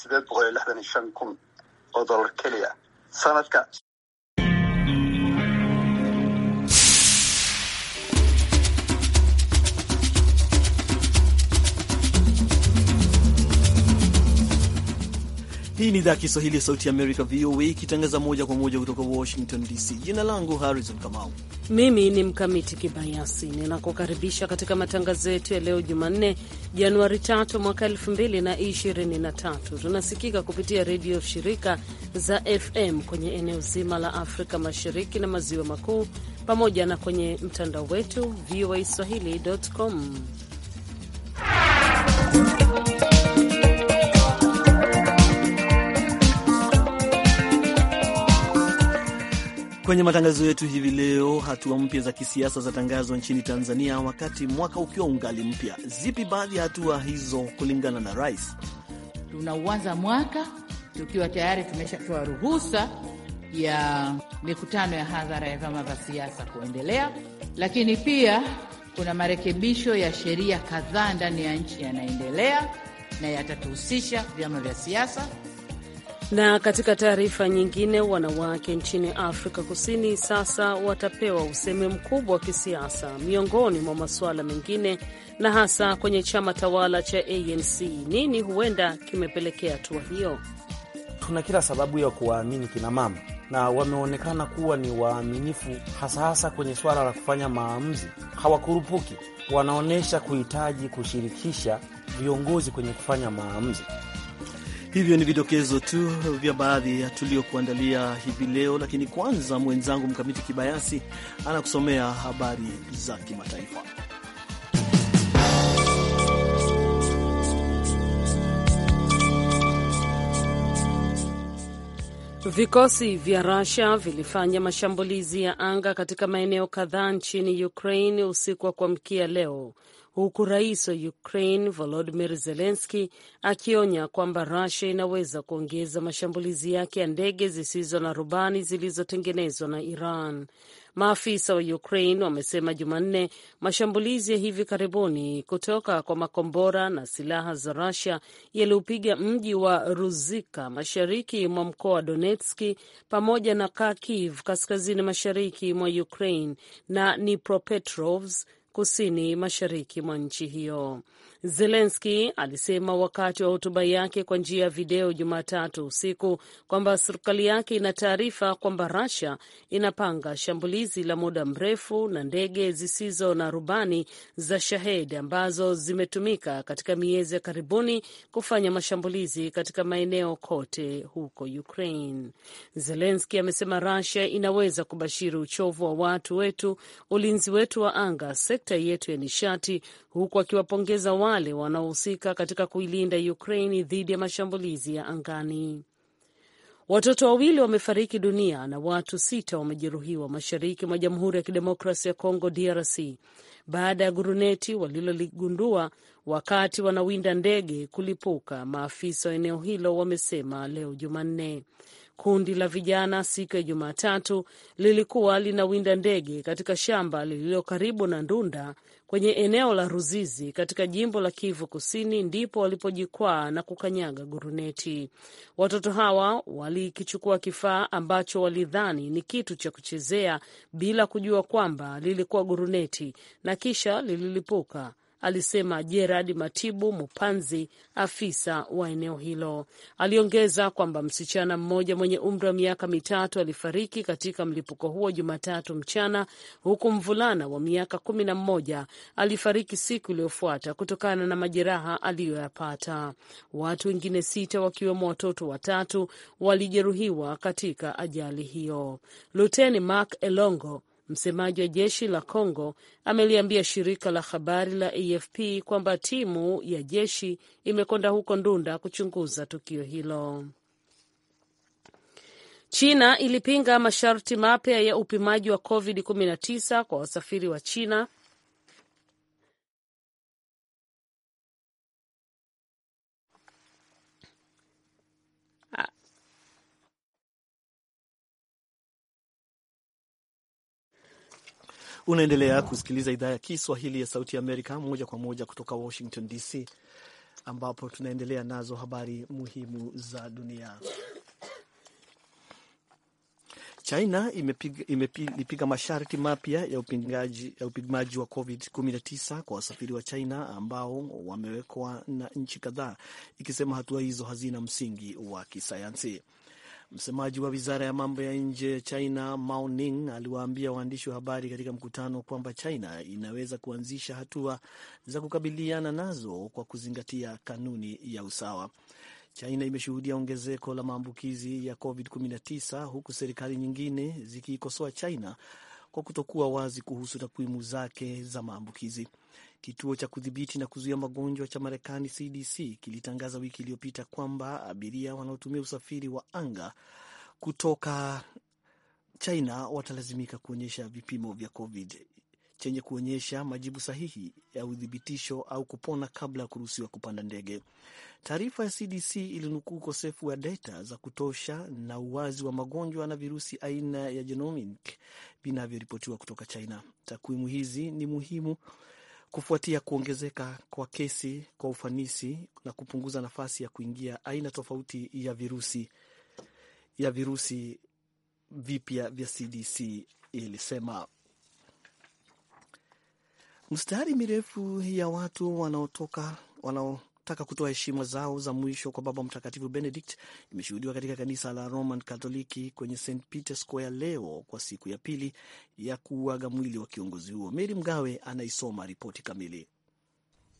sideed boqol iyo lixdan iyo shan kun oo dollar keliya sanadka Hii ni idhaa ya Kiswahili ya Sauti ya Amerika, VOA, ikitangaza moja kwa moja kutoka Washington DC. Jina langu Harrison Kamau, mimi ni Mkamiti Kibayasi, ninakukaribisha katika matangazo yetu ya leo Jumanne, Januari 3 mwaka 2023. Tunasikika kupitia redio shirika za FM kwenye eneo zima la Afrika Mashariki na Maziwa Makuu, pamoja na kwenye mtandao wetu swahili.com. Kwenye matangazo yetu hivi leo, hatua mpya za kisiasa zatangazwa nchini Tanzania wakati mwaka ukiwa ungali mpya. Zipi baadhi ya hatua hizo kulingana na rais? Tunauanza mwaka tukiwa tayari tumeshatoa ruhusa ya mikutano ya hadhara ya vyama vya siasa kuendelea, lakini pia kuna marekebisho ya sheria kadhaa ndani ya nchi yanaendelea na yatatuhusisha vyama vya siasa na katika taarifa nyingine, wanawake nchini Afrika Kusini sasa watapewa usemi mkubwa wa kisiasa miongoni mwa masuala mengine, na hasa kwenye chama tawala cha ANC. Nini huenda kimepelekea hatua hiyo? Tuna kila sababu ya kuwaamini kinamama na wameonekana kuwa ni waaminifu, hasa hasa kwenye suala la kufanya maamuzi. Hawakurupuki, wanaonyesha kuhitaji kushirikisha viongozi kwenye kufanya maamuzi. Hivyo ni vidokezo tu vya baadhi ya tuliokuandalia hivi leo, lakini kwanza mwenzangu Mkamiti Kibayasi anakusomea habari za kimataifa. Vikosi vya rusia vilifanya mashambulizi ya anga katika maeneo kadhaa nchini Ukraine usiku wa kuamkia leo huku rais wa Ukraine volodimir zelenski akionya kwamba rasia inaweza kuongeza mashambulizi yake ya ndege zisizo na rubani zilizotengenezwa na Iran. Maafisa wa Ukraine wamesema Jumanne mashambulizi ya hivi karibuni kutoka kwa makombora na silaha za rasia yaliupiga mji wa Ruzika mashariki mwa mkoa wa Donetski pamoja na Kharkiv kaskazini mashariki mwa Ukraine na Dnipropetrovsk kusini mashariki mwa nchi hiyo. Zelenski alisema wakati wa hotuba yake kwa njia ya video Jumatatu usiku kwamba serikali yake ina taarifa kwamba Russia inapanga shambulizi la muda mrefu na ndege zisizo na rubani za Shahedi ambazo zimetumika katika miezi ya karibuni kufanya mashambulizi katika maeneo kote huko Ukraine. Zelenski amesema Russia inaweza kubashiri uchovu wa watu wetu, ulinzi wetu wa anga, sekta yetu ya nishati, huku akiwapongeza wale wanaohusika katika kuilinda ukrain dhidi ya mashambulizi ya angani. Watoto wawili wamefariki dunia na watu sita wamejeruhiwa mashariki mwa Jamhuri ya Kidemokrasi ya Kongo, DRC, baada ya guruneti waliloligundua wakati wanawinda ndege kulipuka, maafisa wa eneo hilo wamesema leo Jumanne. Kundi la vijana siku ya Jumatatu lilikuwa linawinda ndege katika shamba lililo karibu na Ndunda kwenye eneo la Ruzizi katika jimbo la Kivu Kusini ndipo walipojikwaa na kukanyaga guruneti. Watoto hawa walikichukua kifaa ambacho walidhani ni kitu cha kuchezea bila kujua kwamba lilikuwa guruneti na kisha lililipuka alisema Gerard Matibu Mupanzi, afisa wa eneo hilo. Aliongeza kwamba msichana mmoja mwenye umri wa miaka mitatu alifariki katika mlipuko huo Jumatatu mchana, huku mvulana wa miaka kumi na mmoja alifariki siku iliyofuata kutokana na majeraha aliyoyapata. Watu wengine sita wakiwemo watoto watatu walijeruhiwa katika ajali hiyo. Luteni Mark Elongo Msemaji wa jeshi la Congo ameliambia shirika la habari la AFP kwamba timu ya jeshi imekwenda huko Ndunda kuchunguza tukio hilo. China ilipinga masharti mapya ya upimaji wa COVID-19 kwa wasafiri wa China Unaendelea kusikiliza idhaa ya Kiswahili ya Sauti ya Amerika moja kwa moja kutoka Washington DC, ambapo tunaendelea nazo habari muhimu za dunia. China imepiga masharti mapya ya upingaji, ya upimaji wa COVID-19 kwa wasafiri wa China ambao wamewekwa na nchi kadhaa, ikisema hatua hizo hazina msingi wa kisayansi. Msemaji wa wizara ya mambo ya nje China Mao Ning aliwaambia waandishi wa habari katika mkutano kwamba China inaweza kuanzisha hatua za kukabiliana nazo kwa kuzingatia kanuni ya usawa. China imeshuhudia ongezeko la maambukizi ya COVID-19 huku serikali nyingine zikiikosoa China kwa kutokuwa wazi kuhusu takwimu zake za maambukizi. Kituo cha kudhibiti na kuzuia magonjwa cha Marekani, CDC, kilitangaza wiki iliyopita kwamba abiria wanaotumia usafiri wa anga kutoka China watalazimika kuonyesha vipimo vya COVID chenye kuonyesha majibu sahihi ya uthibitisho au kupona kabla ya kuruhusiwa kupanda ndege. Taarifa ya CDC ilinukuu ukosefu wa data za kutosha na uwazi wa magonjwa na virusi aina ya genomic vinavyoripotiwa kutoka China. Takwimu hizi ni muhimu kufuatia kuongezeka kwa kesi kwa ufanisi na kupunguza nafasi ya kuingia aina tofauti ya virusi ya virusi vipya vya CDC ilisema. Mstari mirefu ya watu wanaotoka wanao wanaotaka kutoa heshima zao za mwisho kwa Baba Mtakatifu Benedict imeshuhudiwa katika kanisa la Roman Katoliki kwenye St Peter Square leo kwa siku ya pili ya kuuaga mwili wa kiongozi huo. Meri Mgawe anaisoma ripoti kamili.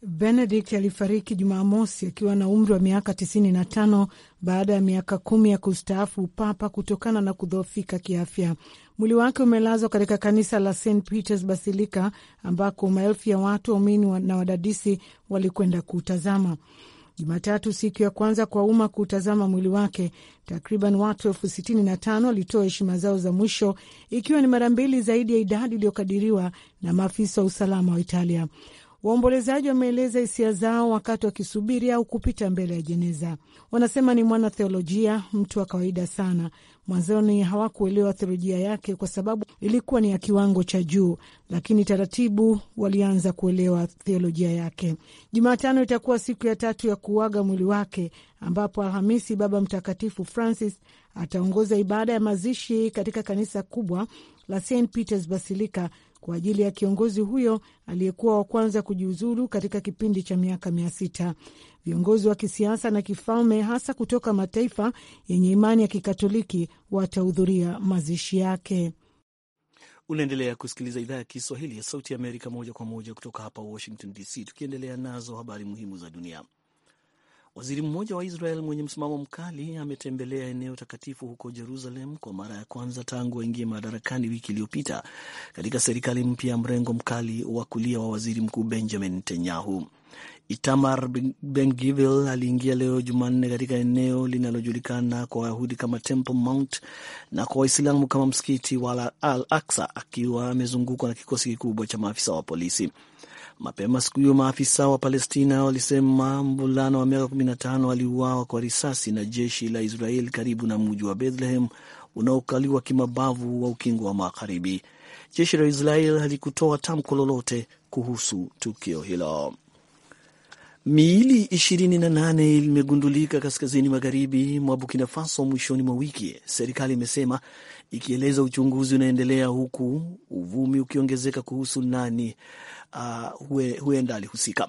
Benedict alifariki Jumamosi akiwa na umri wa miaka 95 baada ya miaka kumi ya kustaafu upapa kutokana na kudhoofika kiafya. Mwili wake umelazwa katika kanisa la St Peters Basilica ambako maelfu ya watu waumini na wadadisi walikwenda kuutazama Jumatatu, siku ya kwanza kwa umma kuutazama mwili wake. Takriban watu elfu sitini na tano walitoa heshima zao za mwisho, ikiwa ni mara mbili zaidi ya idadi iliyokadiriwa na maafisa wa usalama wa Italia. Waombolezaji wameeleza hisia zao wakati wakisubiri au kupita mbele ya jeneza. Wanasema ni mwana theolojia mtu wa kawaida sana. Mwanzoni hawakuelewa theolojia yake kwa sababu ilikuwa ni ya kiwango cha juu, lakini taratibu walianza kuelewa theolojia yake. Jumatano itakuwa siku ya tatu ya kuuaga mwili wake, ambapo Alhamisi Baba Mtakatifu Francis ataongoza ibada ya mazishi katika kanisa kubwa la St Peters Basilica kwa ajili ya kiongozi huyo aliyekuwa wa kwanza kujiuzulu katika kipindi cha miaka mia sita. Viongozi wa kisiasa na kifalme hasa kutoka mataifa yenye imani ya Kikatoliki watahudhuria mazishi yake. Unaendelea kusikiliza idhaa ya Kiswahili ya Sauti ya Amerika moja kwa moja kutoka hapa Washington DC, tukiendelea nazo habari muhimu za dunia. Waziri mmoja wa Israel mwenye msimamo mkali ametembelea eneo takatifu huko Jerusalem kwa mara ya kwanza tangu aingie madarakani wiki iliyopita katika serikali mpya ya mrengo mkali wa kulia wa waziri mkuu Benjamin Netanyahu. Itamar Ben-Gvir aliingia leo Jumanne katika eneo linalojulikana kwa Wayahudi kama Temple Mount na kwa Waislamu kama msikiti wa al aksa akiwa amezungukwa na kikosi kikubwa cha maafisa wa polisi. Mapema siku hiyo maafisa wa Palestina walisema mvulana wa miaka 15 aliuawa kwa risasi na jeshi la Israel karibu na mji wa Bethlehem unaokaliwa kimabavu wa ukingo wa Magharibi. Jeshi la Israel halikutoa tamko lolote kuhusu tukio hilo. Miili 28 imegundulika kaskazini magharibi mwa Burkina Faso mwishoni mwa wiki, serikali imesema ikieleza uchunguzi unaendelea, huku uvumi ukiongezeka kuhusu nani uh, huenda alihusika.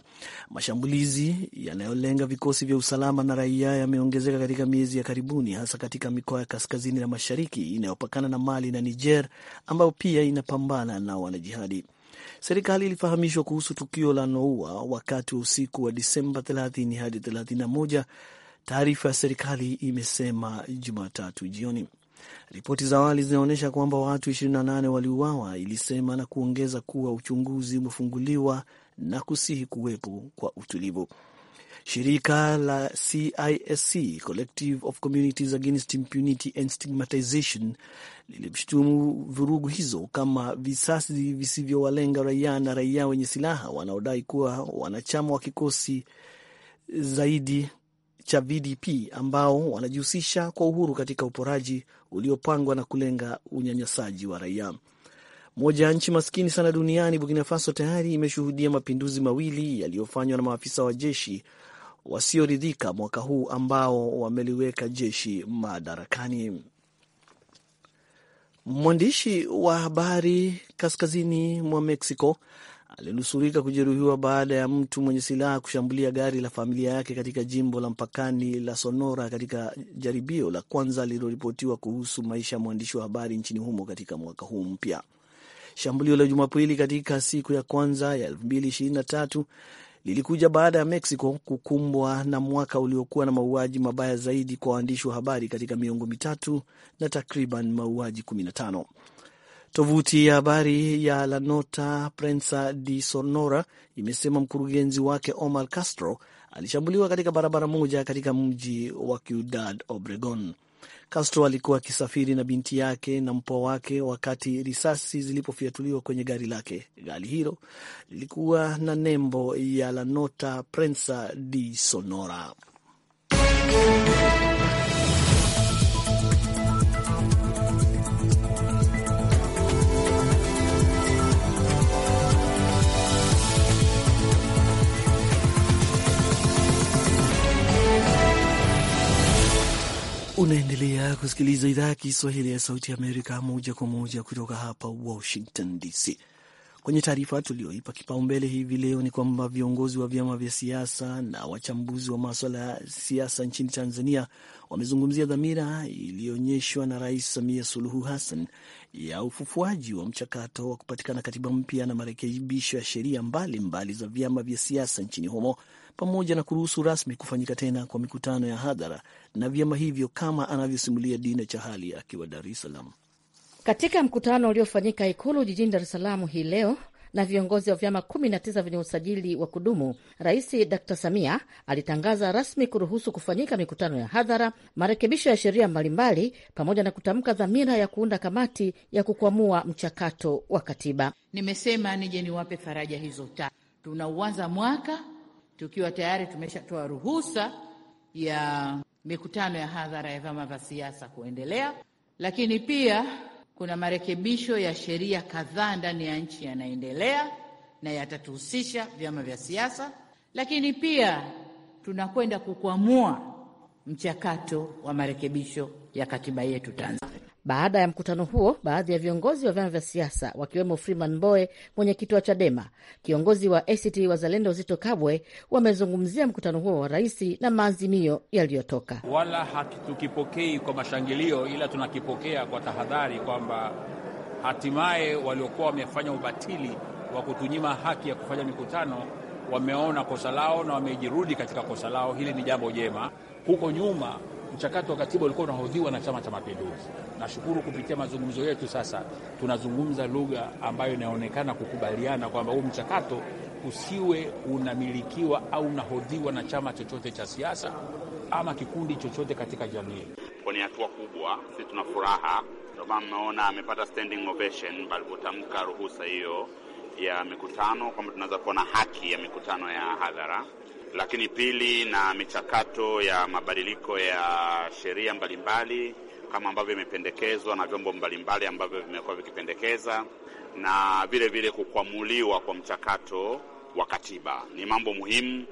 Mashambulizi yanayolenga vikosi vya usalama na raia yameongezeka katika miezi ya karibuni, hasa katika mikoa ya kaskazini na mashariki inayopakana na Mali na Niger, ambayo pia inapambana na wanajihadi. Serikali ilifahamishwa kuhusu tukio la Noua wakati wa usiku wa Disemba 30 hadi 31, taarifa ya serikali imesema Jumatatu jioni. Ripoti za awali zinaonyesha kwamba watu 28 waliuawa, ilisema na kuongeza kuwa uchunguzi umefunguliwa na kusihi kuwepo kwa utulivu. Shirika la CISC, Collective of Communities Against Impunity and Stigmatization, lilimshutumu vurugu hizo kama visasi visivyowalenga raia na raia wenye silaha wanaodai kuwa wanachama wa kikosi zaidi cha VDP ambao wanajihusisha kwa uhuru katika uporaji uliopangwa na kulenga unyanyasaji wa raia. Moja ya nchi maskini sana duniani, Burkina Faso tayari imeshuhudia mapinduzi mawili yaliyofanywa na maafisa wa jeshi wasioridhika mwaka huu ambao wameliweka jeshi madarakani. Mwandishi wa habari kaskazini mwa Mexico alinusurika kujeruhiwa baada ya mtu mwenye silaha kushambulia gari la familia yake katika jimbo la mpakani la Sonora katika jaribio la kwanza lililoripotiwa kuhusu maisha ya mwandishi wa habari nchini humo katika mwaka huu mpya. Shambulio la Jumapili katika siku ya kwanza ya 2023 lilikuja baada ya Mexico kukumbwa na mwaka uliokuwa na mauaji mabaya zaidi kwa waandishi wa habari katika miongo mitatu na takriban mauaji 15. Tovuti ya habari ya La Nota Prensa di Sonora imesema mkurugenzi wake Omar Castro alishambuliwa katika barabara moja katika mji wa Ciudad Obregon. Castro alikuwa akisafiri na binti yake na mpwa wake wakati risasi zilipofiatuliwa kwenye gari lake. Gari hilo lilikuwa na nembo ya La Nota Prensa di Sonora. Unaendelea kusikiliza idhaa ya Kiswahili ya Sauti ya Amerika moja kwa moja kutoka hapa Washington DC. Kwenye taarifa tuliyoipa kipaumbele hivi leo ni kwamba viongozi wa vyama vya siasa na wachambuzi wa maswala ya siasa nchini Tanzania wamezungumzia dhamira iliyoonyeshwa na Rais Samia Suluhu Hassan ya ufufuaji wa mchakato wa kupatikana katiba mpya na marekebisho ya sheria mbalimbali za vyama vya siasa nchini humo, pamoja na kuruhusu rasmi kufanyika tena kwa mikutano ya hadhara na vyama hivyo, kama anavyosimulia Dina Chahali akiwa Dar es Salaam. Katika mkutano uliofanyika Ikulu jijini Dar es Salaam hii leo na viongozi wa vyama 19 vyenye usajili wa kudumu, Rais Dr Samia alitangaza rasmi kuruhusu kufanyika mikutano ya hadhara, marekebisho ya sheria mbalimbali, pamoja na kutamka dhamira ya kuunda kamati ya kukwamua mchakato wa katiba. Nimesema nije niwape faraja hizo tatu. Tunauanza mwaka tukiwa tayari tumeshatoa ruhusa ya mikutano ya hadhara ya vyama vya siasa kuendelea, lakini pia kuna marekebisho ya sheria kadhaa ndani ya nchi yanaendelea na yatatuhusisha vyama vya siasa, lakini pia tunakwenda kukwamua mchakato wa marekebisho ya katiba yetu Tanzania. Baada ya mkutano huo, baadhi ya viongozi wa vyama vya siasa wakiwemo Freeman Mbowe, mwenyekiti wa Chadema, kiongozi wa ACT Wazalendo Zito Kabwe, wamezungumzia mkutano huo wa rais na maazimio yaliyotoka. Wala hatukipokei kwa mashangilio, ila tunakipokea kwa tahadhari kwamba hatimaye waliokuwa wamefanya ubatili wa kutunyima haki ya kufanya mikutano wameona kosa lao na wamejirudi katika kosa lao. Hili ni jambo jema. Huko nyuma mchakato wa katiba ulikuwa unahodhiwa na Chama cha Mapinduzi. Nashukuru kupitia mazungumzo yetu sasa tunazungumza lugha ambayo inaonekana kukubaliana kwamba huu mchakato usiwe unamilikiwa au unahodhiwa na chama chochote cha siasa ama kikundi chochote katika jamii. Ni hatua kubwa, sisi tuna furaha. Ndio maana mmeona amepata standing ovation walivyotamka ruhusa hiyo ya mikutano, kwamba tunaweza kuwa na haki ya mikutano ya hadhara lakini pili na michakato ya mabadiliko ya sheria mbalimbali kama ambavyo imependekezwa na vyombo mbalimbali ambavyo vimekuwa vikipendekeza na vile vile kukwamuliwa kwa mchakato wa katiba ni mambo muhimu,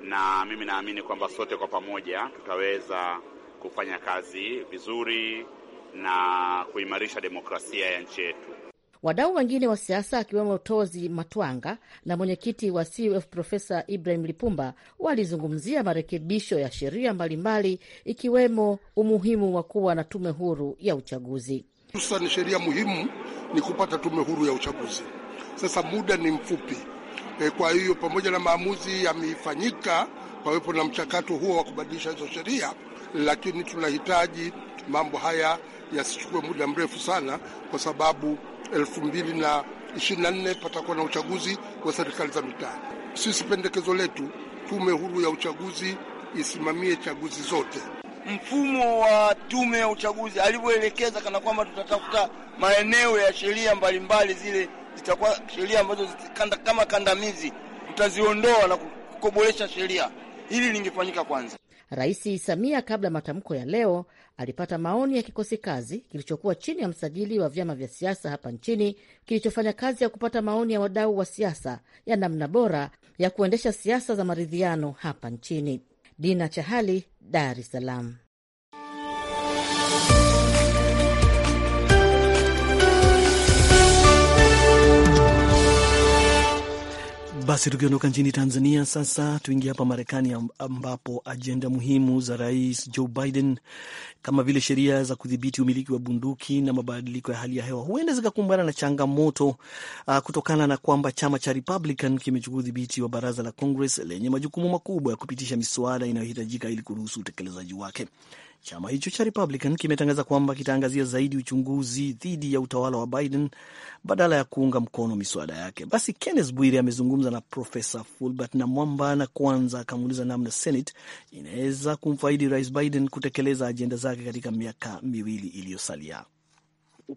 na mimi naamini kwamba sote kwa pamoja tutaweza kufanya kazi vizuri na kuimarisha demokrasia ya nchi yetu. Wadau wengine wa siasa akiwemo Tozi Matwanga na mwenyekiti wa CUF Profesa Ibrahim Lipumba walizungumzia marekebisho ya sheria mbalimbali ikiwemo umuhimu wa kuwa na tume huru ya uchaguzi. Hususan sheria muhimu ni kupata tume huru ya uchaguzi. Sasa muda ni mfupi e, kwa hiyo pamoja na maamuzi yamefanyika, pawepo na mchakato huo wa kubadilisha hizo sheria, lakini tunahitaji mambo haya yasichukue muda mrefu sana, kwa sababu elfu mbili na ishirini na nne patakuwa na uchaguzi wa serikali za mitaa. Sisi pendekezo letu, tume huru ya uchaguzi isimamie chaguzi zote. Mfumo wa tume ya uchaguzi alivyoelekeza, kana kwamba tutatafuta maeneo ya sheria mbalimbali, zile zitakuwa sheria ambazo kanda, kama kandamizi tutaziondoa na kukobolesha sheria. Hili lingefanyika kwanza. Rais Samia kabla matamko ya leo alipata maoni ya kikosi kazi kilichokuwa chini ya msajili wa vyama vya siasa hapa nchini kilichofanya kazi ya kupata maoni ya wadau wa siasa ya namna bora ya kuendesha siasa za maridhiano hapa nchini. Dina Chahali, Dar es Salaam. Basi tukiondoka nchini Tanzania sasa tuingie hapa Marekani, ambapo ajenda muhimu za Rais Joe Biden kama vile sheria za kudhibiti umiliki wa bunduki na mabadiliko ya hali ya hewa huenda zikakumbana na changamoto uh, kutokana na kwamba chama cha Republican kimechukua udhibiti wa baraza la Congress lenye majukumu makubwa ya kupitisha miswada inayohitajika ili kuruhusu utekelezaji wake. Chama hicho cha Republican kimetangaza kwamba kitaangazia zaidi uchunguzi dhidi ya utawala wa Biden badala ya kuunga mkono miswada yake. Basi Kenneth Bwire amezungumza na Profesa Fulbert na Mwamba na kwanza akamuuliza namna Senate inaweza kumfaidi Rais Biden kutekeleza ajenda zake katika miaka miwili iliyosalia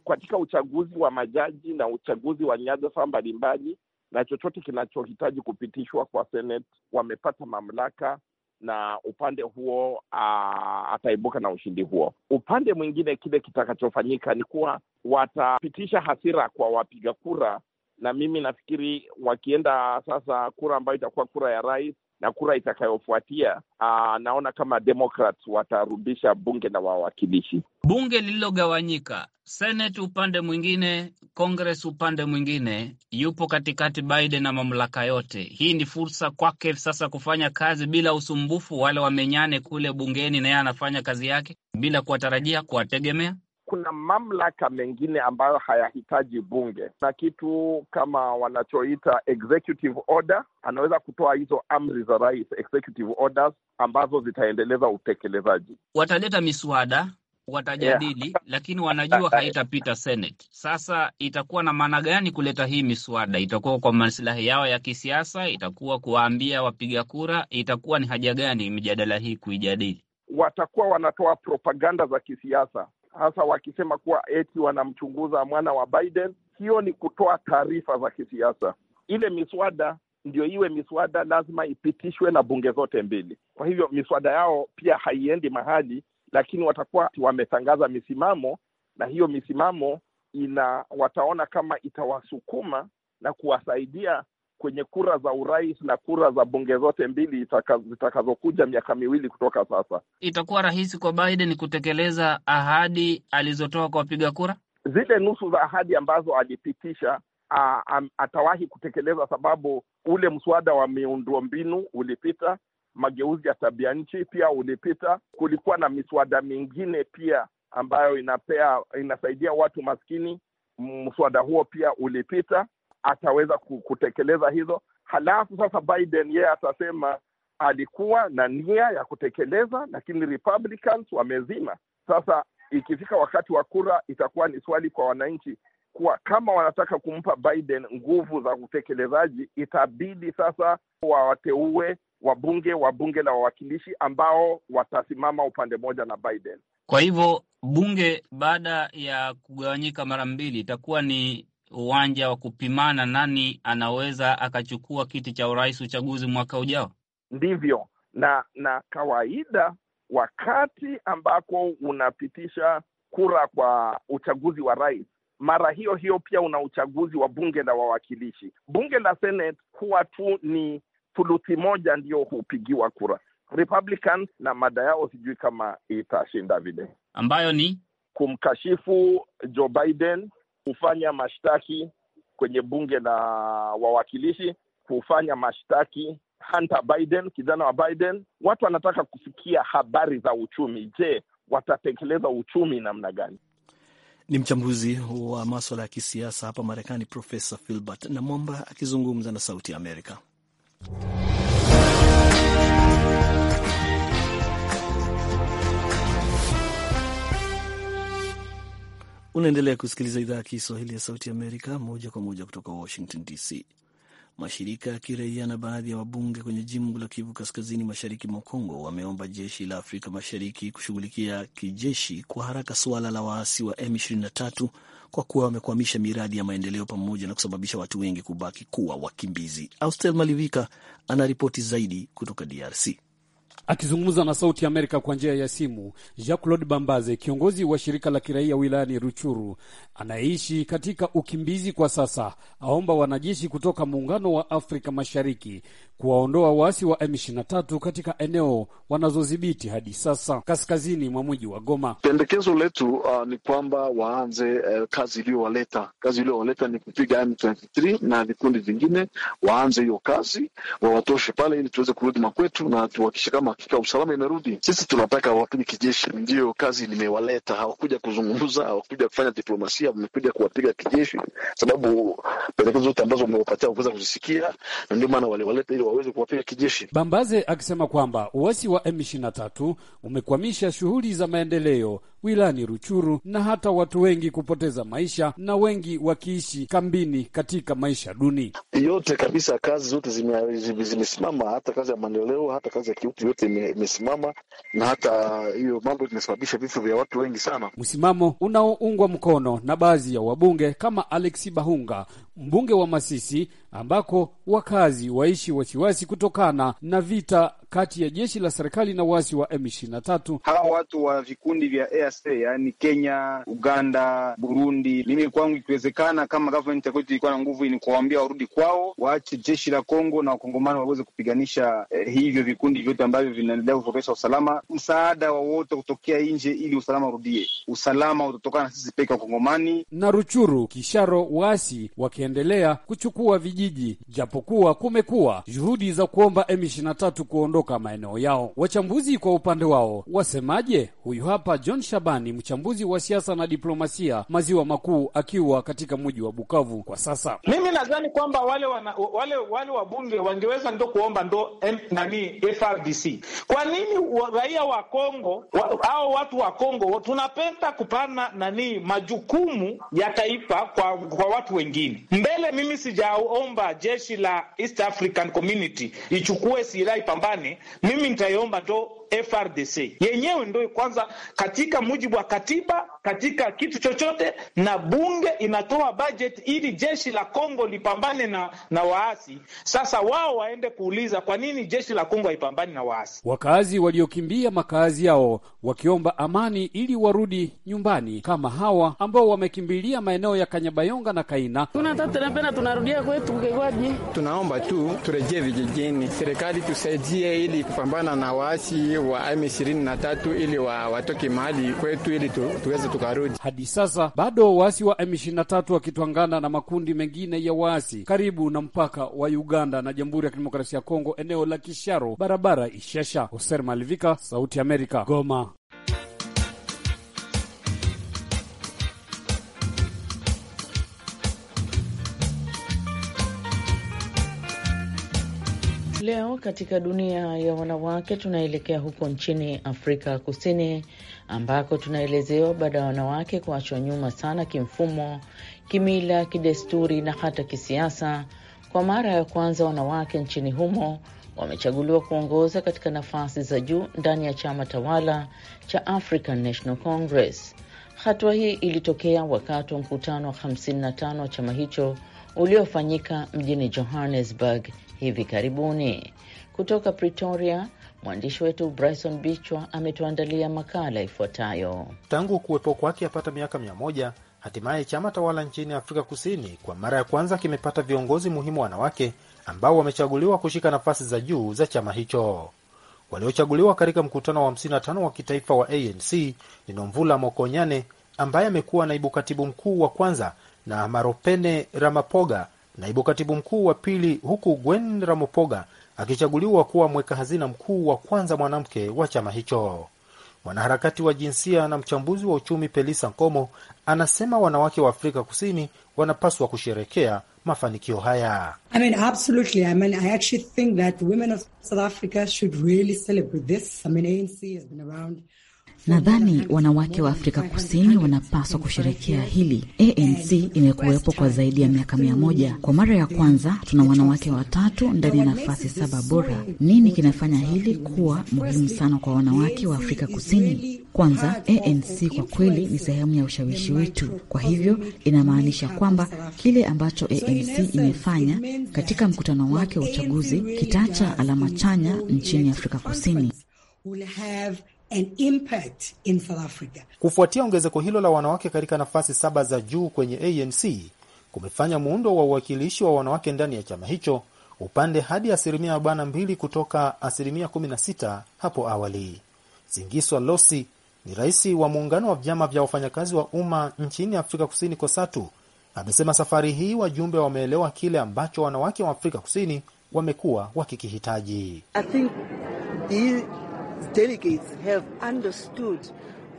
katika uchaguzi wa majaji na uchaguzi wa nyadhifa mbalimbali na chochote kinachohitaji kupitishwa kwa Senate, wamepata mamlaka na upande huo uh, ataibuka na ushindi huo. Upande mwingine, kile kitakachofanyika ni kuwa watapitisha hasira kwa wapiga kura, na mimi nafikiri wakienda sasa kura ambayo itakuwa kura ya rais na kura itakayofuatia ah, naona kama Demokrat watarudisha bunge na wawakilishi, bunge lililogawanyika, Senate upande mwingine, Congress upande mwingine. Yupo katikati Biden na mamlaka yote. Hii ni fursa kwake sasa kufanya kazi bila usumbufu, wale wamenyane kule bungeni, na yeye anafanya kazi yake bila kuwatarajia, kuwategemea kuna mamlaka mengine ambayo hayahitaji bunge na kitu kama wanachoita executive order. Anaweza kutoa hizo amri za rais, executive orders, ambazo zitaendeleza utekelezaji. Wataleta miswada watajadili, yeah. Lakini wanajua haitapita Senate. Sasa itakuwa na maana gani kuleta hii miswada? Itakuwa kwa masilahi yao ya kisiasa? Itakuwa kuwaambia wapiga kura? Itakuwa ni haja gani mijadala hii kuijadili? Watakuwa wanatoa propaganda za kisiasa hasa wakisema kuwa eti wanamchunguza mwana wa Biden. Hiyo ni kutoa taarifa za kisiasa. Ile miswada ndio iwe miswada, lazima ipitishwe na bunge zote mbili. Kwa hivyo miswada yao pia haiendi mahali, lakini watakuwa wametangaza misimamo, na hiyo misimamo ina wataona kama itawasukuma na kuwasaidia kwenye kura za urais na kura za bunge zote mbili zitakazokuja miaka miwili kutoka sasa. Itakuwa rahisi kwa Biden kutekeleza ahadi alizotoa kwa wapiga kura, zile nusu za ahadi ambazo alipitisha a, a, atawahi kutekeleza, sababu ule mswada wa miundo mbinu ulipita, mageuzi ya tabia nchi pia ulipita. Kulikuwa na miswada mingine pia ambayo inapea inasaidia watu maskini, mswada huo pia ulipita ataweza kutekeleza hizo. Halafu sasa Biden yeye atasema alikuwa na nia ya kutekeleza, lakini Republicans wamezima. Sasa ikifika wakati wa kura, itakuwa ni swali kwa wananchi kuwa kama wanataka kumpa Biden nguvu za utekelezaji, itabidi sasa wawateue wabunge wa bunge la wawakilishi ambao watasimama upande mmoja na Biden. Kwa hivyo bunge baada ya kugawanyika mara mbili itakuwa ni uwanja wa kupimana nani anaweza akachukua kiti cha urais uchaguzi mwaka ujao? Ndivyo, na na kawaida wakati ambako unapitisha kura kwa uchaguzi wa rais, mara hiyo hiyo pia una uchaguzi wa bunge la wawakilishi. Bunge la Senate huwa tu ni thuluthi moja ndiyo hupigiwa kura. Republican na mada yao sijui kama itashinda vile, ambayo ni kumkashifu Joe Biden kufanya mashtaki kwenye bunge la wawakilishi, kufanya mashtaki Hunter Biden, kijana wa Biden. Watu wanataka kusikia habari za uchumi. Je, watatekeleza uchumi namna gani? Ni mchambuzi wa maswala ya kisiasa hapa Marekani, Profesa Filbert na Mwamba akizungumza na Sauti ya Amerika. Unaendelea kusikiliza idhaa ya Kiswahili ya Sauti Amerika moja kwa moja kutoka Washington DC. Mashirika ya kiraia na baadhi ya wabunge kwenye jimbo la Kivu Kaskazini, mashariki mwa Kongo wameomba jeshi la Afrika Mashariki kushughulikia kijeshi kwa haraka suala la waasi wa M23 kwa kuwa wamekwamisha miradi ya maendeleo pamoja na kusababisha watu wengi kubaki kuwa wakimbizi. Austel Malivika anaripoti zaidi kutoka DRC. Akizungumza na Sauti ya Amerika kwa njia ya simu, Jean Claude Bambaze, kiongozi wa shirika la kiraia wilayani Ruchuru anayeishi katika ukimbizi kwa sasa, aomba wanajeshi kutoka Muungano wa Afrika Mashariki kuwaondoa waasi wa M23 katika eneo wanazodhibiti hadi sasa kaskazini mwa mji wa Goma. Pendekezo letu uh, ni kwamba waanze uh, kazi iliyowaleta kazi iliyowaleta ni kupiga M23 na vikundi vingine, waanze hiyo kazi, wawatoshe pale ili tuweze kurudi makwetu na tuhakikishe kama usalama. Hakika usalama imerudi. Sisi tunataka wapige kijeshi, ndiyo kazi limewaleta. Hawakuja kuzungumza, hawakuja kufanya diplomasia, wamekuja kuwapiga kijeshi, sababu pendekezo zote ambazo wamewapatia wakuweza kuzisikia, na ndio maana waliwaleta ili waweze kuwapiga kijeshi. Bambaze akisema kwamba uasi wa M23 umekwamisha shughuli za maendeleo wilani Ruchuru na hata watu wengi kupoteza maisha na wengi wakiishi kambini katika maisha duni. Yote kabisa, kazi zote zimesimama, hata kazi ya maendeleo, hata kazi ya kiutu yote imesimama, na hata hiyo mambo imesababisha vifo vya watu wengi sana. Msimamo unaoungwa mkono na baadhi ya wabunge kama Alexi Bahunga, mbunge wa Masisi, ambako wakazi waishi wasiwasi kutokana na vita kati ya jeshi la serikali na waasi wa M23. Hawa watu wa vikundi vya EAC yaani Kenya, Uganda, Burundi, mimi kwangu ikiwezekana, kama government yetu ilikuwa na nguvu, ni kuwaambia warudi kwao, waache jeshi la Kongo na wakongomani waweze kupiganisha eh, hivyo vikundi vyote ambavyo vinaendelea kutokesha usalama. Msaada wowote kutokea nje ili usalama urudie. Usalama utatokana na sisi peke wakongomani. Na Ruchuru Kisharo, waasi wakiendelea kuchukua vijiji japo ijapokuwa kumekuwa juhudi za kuomba M23 kuondoka maeneo yao. Wachambuzi kwa upande wao wasemaje? Huyu hapa John Shabani, mchambuzi wa siasa na diplomasia maziwa makuu, akiwa katika mji wa Bukavu kwa sasa. Mimi nadhani kwamba wale wana, wale wale wabunge wangeweza ndo kuomba ndo M, nani FRDC. Kwa nini raia wa Kongo wa, au watu wa Kongo tunapenda kupana nani majukumu ya taifa kwa, kwa watu wengine mbele. Mimi sijaomba jeshi la East African Community ichukue silaha ipambane, mimi nitaiomba ndo FRDC yenyewe ndio kwanza katika mujibu wa katiba, katika kitu chochote, na bunge inatoa budget ili jeshi la Kongo lipambane na, na waasi. Sasa wao waende kuuliza kwa nini jeshi la Kongo haipambani na waasi. Wakaazi waliokimbia makazi yao wakiomba amani ili warudi nyumbani, kama hawa ambao wamekimbilia maeneo ya Kanyabayonga na Kaina. Tunatatenapena tunarudia kwetu kekwaji, tunaomba tu turejee vijijini, serikali tusaidie ili kupambana na waasi wa M23 ili wa, watoke mahali kwetu ili tu, tuweze tukarudi. Hadi sasa bado waasi wa M23 wakitwangana na makundi mengine ya waasi karibu na mpaka wa Uganda na Jamhuri ya Kidemokrasia ya Kongo, eneo la Kisharo, barabara Ishesha. Hoser Malivika, Sauti Amerika, Goma. leo katika dunia ya wanawake, tunaelekea huko nchini Afrika Kusini ambako tunaelezewa baada ya wanawake kuachwa nyuma sana kimfumo, kimila, kidesturi na hata kisiasa. Kwa mara ya kwanza wanawake nchini humo wamechaguliwa kuongoza katika nafasi za juu ndani ya chama tawala cha African National Congress. Hatua hii ilitokea wakati wa mkutano wa 55 wa chama hicho uliofanyika mjini Johannesburg hivi karibuni. Kutoka Pretoria, mwandishi wetu Bryson Bichwa ametuandalia makala ifuatayo. Tangu kuwepo kwake yapata miaka mia moja, hatimaye chama tawala nchini Afrika Kusini kwa mara ya kwanza kimepata viongozi muhimu wanawake ambao wamechaguliwa kushika nafasi za juu za chama hicho. Waliochaguliwa katika mkutano wa 55 wa kitaifa wa ANC ni Nomvula Mokonyane ambaye amekuwa naibu katibu mkuu wa kwanza na Maropene Ramapoga naibu katibu mkuu wa pili, huku Gwen Ramopoga akichaguliwa kuwa mweka hazina mkuu wa kwanza mwanamke wa chama hicho. Mwanaharakati wa jinsia na mchambuzi wa uchumi Pelisa Nkomo anasema wanawake wa Afrika Kusini wanapaswa kusherekea mafanikio haya. I mean, absolutely. I mean, I actually think that women of South Africa should really celebrate this. I mean, ANC has been around Nadhani wanawake wa Afrika Kusini wanapaswa kusherekea hili. ANC imekuwepo kwa zaidi ya miaka mia moja. Kwa mara ya kwanza tuna wanawake watatu ndani ya nafasi saba bora. Nini kinafanya hili kuwa muhimu sana kwa wanawake wa Afrika Kusini? Kwanza, ANC kwa kweli ni sehemu ya ushawishi wetu. Kwa hivyo inamaanisha kwamba kile ambacho ANC imefanya katika mkutano wake wa uchaguzi kitaacha alama chanya nchini Afrika Kusini impact in South Africa. Kufuatia ongezeko hilo la wanawake katika nafasi saba za juu kwenye ANC kumefanya muundo wa uwakilishi wa wanawake ndani ya chama hicho upande hadi asilimia 42 kutoka asilimia 16 hapo awali. Zingiswa Losi ni rais wa muungano wa vyama vya wafanyakazi wa umma nchini Afrika Kusini KOSATU, amesema safari hii wajumbe wameelewa kile ambacho wanawake wa Afrika Kusini wamekuwa wakikihitaji. I think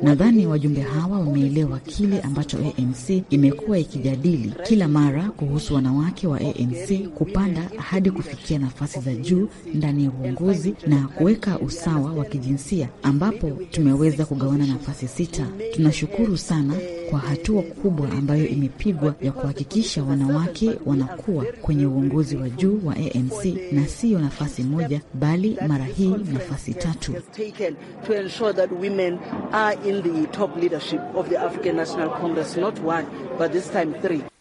Nadhani wajumbe hawa wameelewa kile ambacho ANC imekuwa ikijadili kila mara kuhusu wanawake wa ANC kupanda hadi kufikia nafasi za juu ndani ya uongozi na kuweka usawa wa kijinsia, ambapo tumeweza kugawana nafasi sita. Tunashukuru sana kwa hatua kubwa ambayo imepigwa ya kuhakikisha wanawake wanakuwa kwenye uongozi wa juu wa ANC na siyo nafasi moja, bali mara hii nafasi tatu.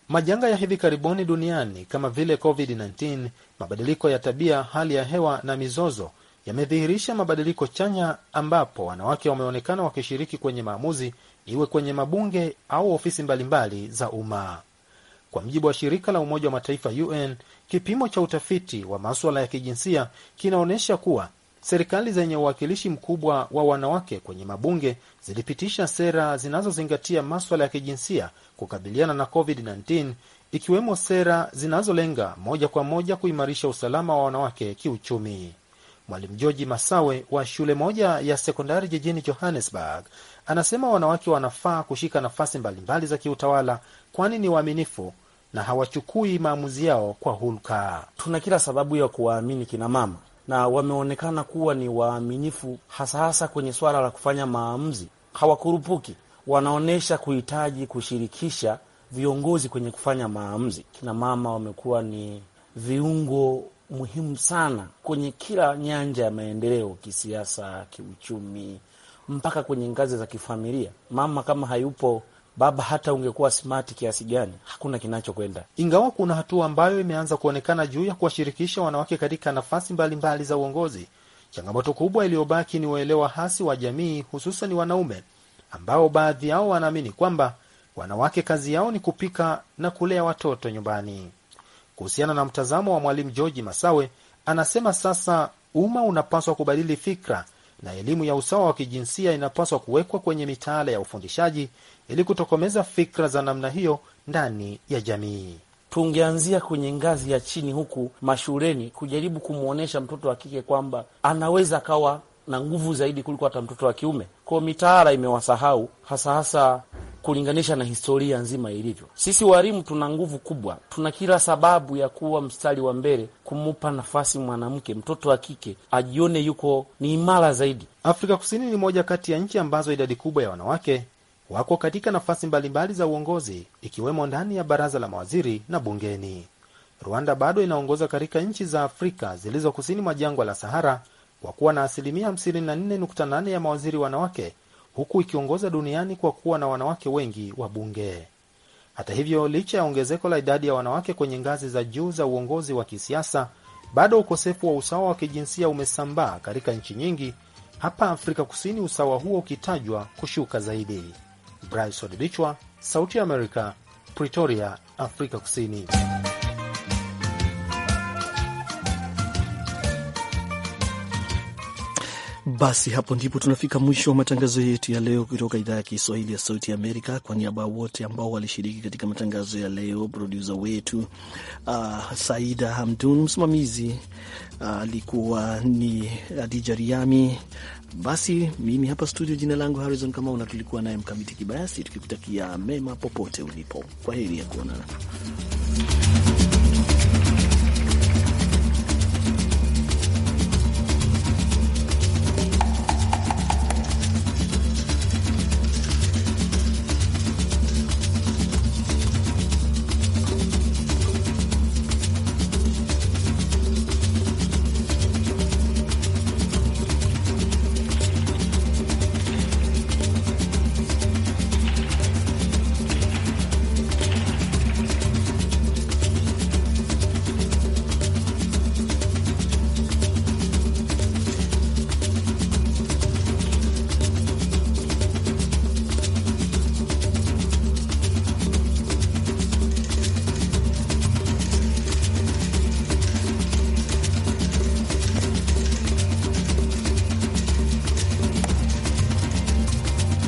Majanga ya hivi karibuni duniani kama vile COVID-19, mabadiliko ya tabia hali ya hewa na mizozo yamedhihirisha mabadiliko chanya ambapo wanawake wameonekana wakishiriki kwenye maamuzi iwe kwenye mabunge au ofisi mbalimbali za umma. Kwa mjibu wa shirika la Umoja wa Mataifa UN, kipimo cha utafiti wa maswala ya kijinsia kinaonyesha kuwa serikali zenye uwakilishi mkubwa wa wanawake kwenye mabunge zilipitisha sera zinazozingatia maswala ya kijinsia kukabiliana na COVID-19, ikiwemo sera zinazolenga moja kwa moja kuimarisha usalama wa wanawake kiuchumi. Mwalimu Georgi Masawe wa shule moja ya sekondari jijini Johannesburg Anasema wanawake wanafaa kushika nafasi mbalimbali za kiutawala, kwani ni waaminifu na hawachukui maamuzi yao kwa hulka. Tuna kila sababu ya kuwaamini kinamama na wameonekana kuwa ni waaminifu, hasa hasa kwenye swala la kufanya maamuzi. Hawakurupuki, wanaonyesha kuhitaji kushirikisha viongozi kwenye kufanya maamuzi. Kinamama wamekuwa ni viungo muhimu sana kwenye kila nyanja ya maendeleo, kisiasa, kiuchumi mpaka kwenye ngazi za kifamilia. Mama kama hayupo, baba hata ungekuwa smart kiasi gani, hakuna kinachokwenda. Ingawa kuna hatua ambayo imeanza kuonekana juu ya kuwashirikisha wanawake katika nafasi mbalimbali mbali za uongozi, changamoto kubwa iliyobaki ni uelewa hasi wa jamii, hususan wanaume ambao baadhi yao wanaamini kwamba wanawake kazi yao ni kupika na kulea watoto nyumbani. Kuhusiana na mtazamo wa Mwalimu George Masawe, anasema sasa umma unapaswa kubadili fikra na elimu ya usawa wa kijinsia inapaswa kuwekwa kwenye mitaala ya ufundishaji ili kutokomeza fikra za namna hiyo ndani ya jamii. Tungeanzia kwenye ngazi ya chini huku mashuleni, kujaribu kumwonyesha mtoto wa kike kwamba anaweza akawa na nguvu zaidi kuliko hata mtoto wa kiume. Kwao mitaala imewasahau hasa hasa kulinganisha na historia nzima ilivyo. Sisi walimu tuna nguvu kubwa, tuna kila sababu ya kuwa mstari wa mbele kumupa nafasi mwanamke, mtoto wa kike ajione yuko ni imara zaidi. Afrika Kusini ni moja kati ya nchi ambazo idadi kubwa ya wanawake wako katika nafasi mbalimbali za uongozi, ikiwemo ndani ya baraza la mawaziri na bungeni. Rwanda bado inaongoza katika nchi za Afrika zilizo kusini mwa jangwa la Sahara kwa kuwa na asilimia 54.8 ya mawaziri wanawake, huku ikiongoza duniani kwa kuwa na wanawake wengi wa bunge. Hata hivyo, licha ya ongezeko la idadi ya wanawake kwenye ngazi za juu za uongozi wa kisiasa, bado ukosefu wa usawa wa kijinsia umesambaa katika nchi nyingi, hapa Afrika Kusini usawa huo ukitajwa kushuka zaidi. Bryson Bichwa, Sauti ya Amerika, Pretoria, Afrika Kusini. Basi hapo ndipo tunafika mwisho wa matangazo yetu ya leo kutoka idhaa ya Kiswahili ya Sauti Amerika. Kwa niaba ya wote ambao walishiriki katika matangazo ya leo, produsa wetu uh, Saida Hamdun, msimamizi uh, alikuwa uh, ni Adija Riami. Basi mimi hapa studio, jina langu Harrison kama una, tulikuwa naye Mkamiti Kibayasi, tukikutakia mema popote ulipo. Kwa heri ya kuonana.